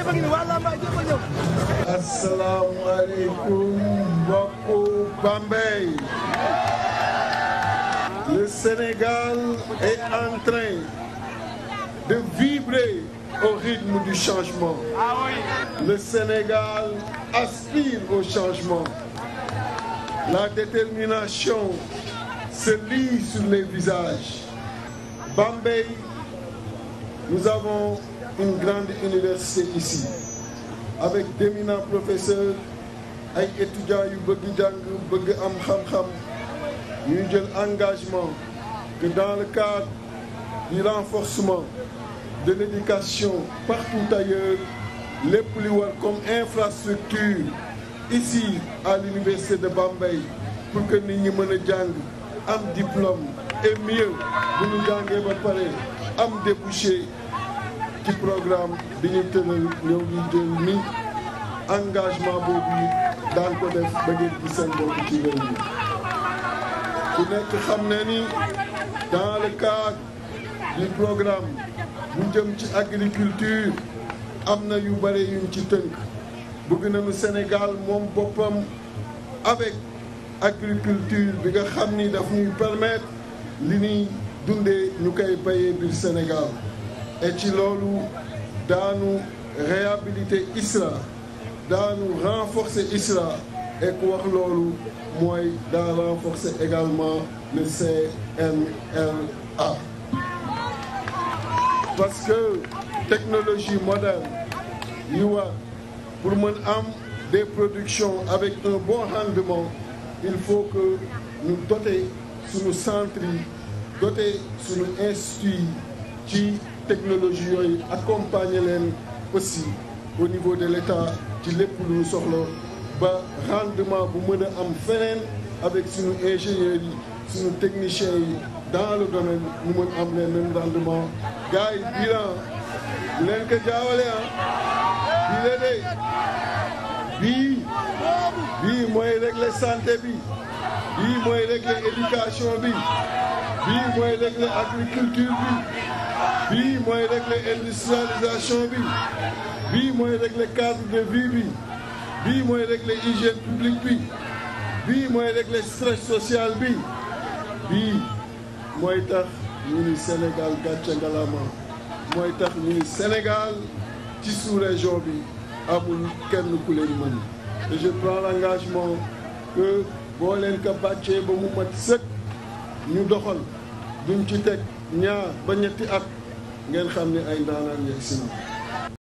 jéba ngi ni waa le Sénégal est en train de vibrer au rythme du changement le Sénégal aspire au changement la détermination se lit sur les visages Bambey nous avons une grande université ici avec d'éminents professeurs ay étudiants yu bëgg jàng bëgg am xam-xam ñuy jël engagement que dans le cadre du renforcement de l'éducation partout ailleurs li war comme infrastructure ici à l'université de Bambey pour que nit ñi mën a jàng am diplôme et mieux bu ñu jàngee ba pare am débouché ci programme bi ñu tëral ñëw ñu jël ni engagement boobu yi daan ko def ba ngeen gis seen bopp ci réew mi ku nekk xam ne ni dans le cadre du programme bu jëm ci agriculture am na yu bare yuñ ci tënk bëgg nañu Sénégal moom boppam avec agriculture bi nga xam ni daf ñuy permettre li ñuy dundee ñu koy bayee biir Sénégal et ci loolu daanu réhabiliter ISRA daanu renforcer ISRA et ku wax loolu mooy daa renforcer également le CNLA parce que technologie moderne yi war pour mën am des productions avec un bon rendement il faut que ñu doter suñu centre yi doter suñu institut yi ci technologie yooyu accompagner leen aussi au niveau de l'État ci lépp lu ñu soxla ba rendement bu mën a am feneen avec suñu ingénieurs yi suñu techniciens yi dans le domaine ñu mën am leen même rendement gars yi bilan leen ko jaawale ah bi la dey bii bii mooy régler santé bi bii mooy régler éducation bi bii mooy régler agriculture bi bii mooy régler industrialisation bi bii mooy régler cadre de vie bi bii mooy régler hygiène publique bi bii mooy régler stress social bi bii mooy tax ñu ni Sénégal gàcce ngalama mooy tax ñu ni Sénégal ci sous-région bi amul kenn ku leen mën te je prends l'engagement que boo leen ko bàccee ba mu mat sëkk ñu doxal duñ ci teg ñaar ba ñetti at ngeen xam ne ay ndaanaan yegg si